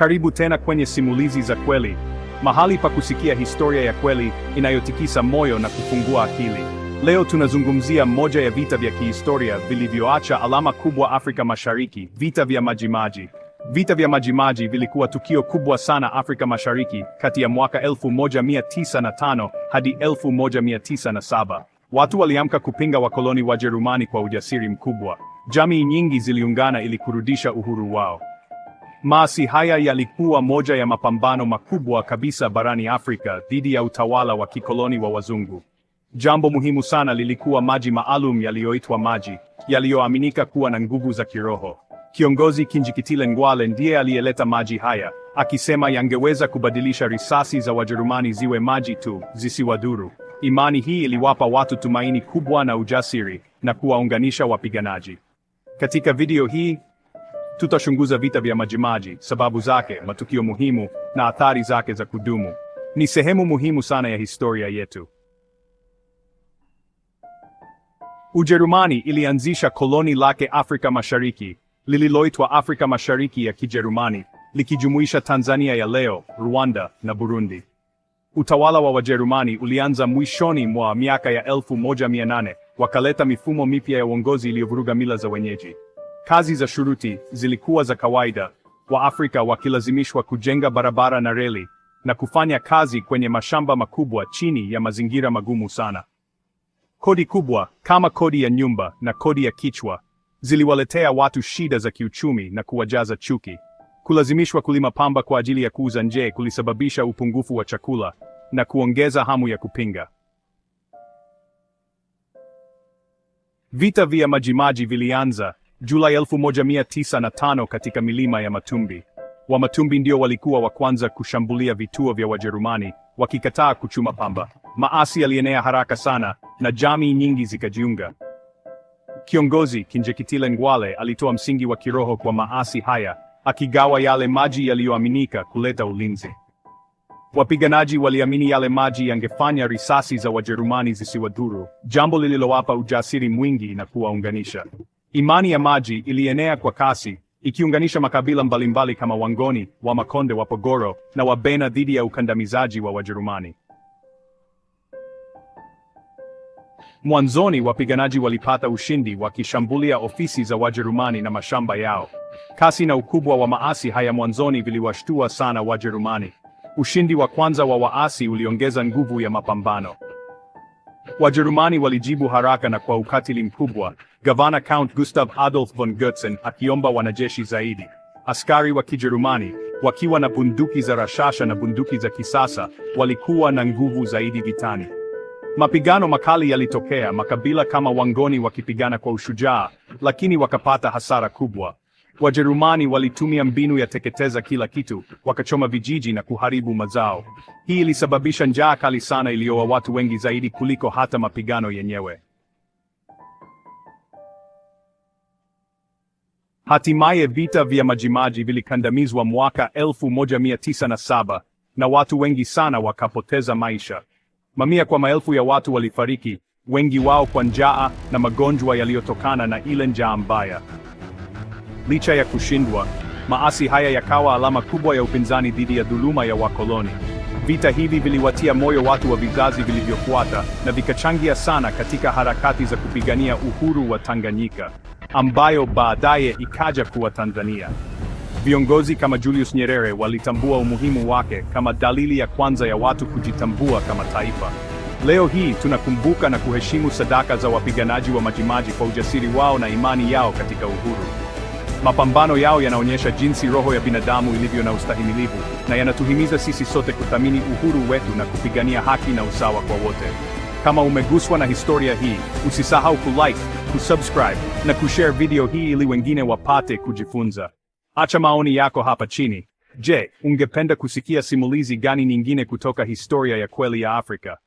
Karibu tena kwenye Simulizi za Kweli, mahali pa kusikia historia ya kweli inayotikisa moyo na kufungua akili. Leo tunazungumzia moja ya vita vya kihistoria vilivyoacha alama kubwa Afrika Mashariki, vita vya Majimaji. Vita vya Majimaji vilikuwa tukio kubwa sana Afrika Mashariki kati ya mwaka 1905 hadi 1907. Watu waliamka kupinga wakoloni wa Jerumani kwa ujasiri mkubwa. Jamii nyingi ziliungana ili kurudisha uhuru wao. Maasi haya yalikuwa moja ya mapambano makubwa kabisa barani Afrika dhidi ya utawala wa kikoloni wa wazungu. Jambo muhimu sana lilikuwa maji maalum yaliyoitwa maji, yaliyoaminika kuwa na nguvu za kiroho. Kiongozi Kinjekitile Ngwale ndiye aliyeleta maji haya, akisema yangeweza kubadilisha risasi za Wajerumani ziwe maji tu, zisiwadhuru. Imani hii iliwapa watu tumaini kubwa na ujasiri, na kuwaunganisha wapiganaji. Katika video hii Tutachunguza vita vya Majimaji, sababu zake, matukio muhimu na athari zake za kudumu. Ni sehemu muhimu sana ya historia yetu. Ujerumani ilianzisha koloni lake Afrika Mashariki, lililoitwa Afrika Mashariki ya Kijerumani, likijumuisha Tanzania ya leo, Rwanda na Burundi. Utawala wa Wajerumani ulianza mwishoni mwa miaka ya elfu moja mia nane, wakaleta mifumo mipya ya uongozi iliyovuruga mila za wenyeji. Kazi za shuruti zilikuwa za kawaida, Waafrika wakilazimishwa kujenga barabara na reli na kufanya kazi kwenye mashamba makubwa chini ya mazingira magumu sana. Kodi kubwa kama kodi ya nyumba na kodi ya kichwa ziliwaletea watu shida za kiuchumi na kuwajaza chuki. Kulazimishwa kulima pamba kwa ajili ya kuuza nje kulisababisha upungufu wa chakula na kuongeza hamu ya kupinga. Vita vya Majimaji vilianza Julai 1905 katika milima ya Matumbi. Wamatumbi ndio walikuwa wa kwanza kushambulia vituo vya Wajerumani, wakikataa kuchuma pamba. Maasi yalienea haraka sana na jamii nyingi zikajiunga. Kiongozi Kinjekitile Ngwale alitoa msingi wa kiroho kwa maasi haya, akigawa yale maji yaliyoaminika kuleta ulinzi. Wapiganaji waliamini yale maji yangefanya risasi za Wajerumani zisiwadhuru, jambo lililowapa ujasiri mwingi na kuwaunganisha. Imani ya maji ilienea kwa kasi, ikiunganisha makabila mbalimbali kama Wangoni, wa makonde wa pogoro na Wabena dhidi ya ukandamizaji wa Wajerumani. Mwanzoni wapiganaji walipata ushindi wakishambulia ofisi za Wajerumani na mashamba yao. Kasi na ukubwa wa maasi haya mwanzoni viliwashtua sana Wajerumani. Ushindi wa kwanza wa waasi uliongeza nguvu ya mapambano. Wajerumani walijibu haraka na kwa ukatili mkubwa, gavana Count Gustav Adolf von Goetzen akiomba wanajeshi zaidi. Askari wa Kijerumani wakiwa na bunduki za rashasha na bunduki za kisasa walikuwa na nguvu zaidi vitani. Mapigano makali yalitokea, makabila kama Wangoni wakipigana kwa ushujaa, lakini wakapata hasara kubwa. Wajerumani walitumia mbinu ya teketeza kila kitu, wakachoma vijiji na kuharibu mazao. Hii ilisababisha njaa kali sana iliyoua watu wengi zaidi kuliko hata mapigano yenyewe. Hatimaye vita vya Majimaji vilikandamizwa mwaka 1907 na watu wengi sana wakapoteza maisha. Mamia kwa maelfu ya watu walifariki, wengi wao kwa njaa na magonjwa yaliyotokana na ile njaa mbaya. Licha ya kushindwa, maasi haya yakawa alama kubwa ya upinzani dhidi ya dhuluma ya wakoloni. Vita hivi viliwatia moyo watu wa vizazi vilivyofuata na vikachangia sana katika harakati za kupigania uhuru wa Tanganyika, ambayo baadaye ikaja kuwa Tanzania. Viongozi kama Julius Nyerere walitambua umuhimu wake kama dalili ya kwanza ya watu kujitambua kama taifa. Leo hii tunakumbuka na kuheshimu sadaka za wapiganaji wa Majimaji kwa ujasiri wao na imani yao katika uhuru. Mapambano yao yanaonyesha jinsi roho ya binadamu ilivyo na ustahimilivu na yanatuhimiza sisi sote kuthamini uhuru wetu na kupigania haki na usawa kwa wote. Kama umeguswa na historia hii, usisahau kulike, kusubscribe na kushare video hii ili wengine wapate kujifunza. Acha maoni yako hapa chini. Je, ungependa kusikia simulizi gani nyingine kutoka historia ya kweli ya Afrika?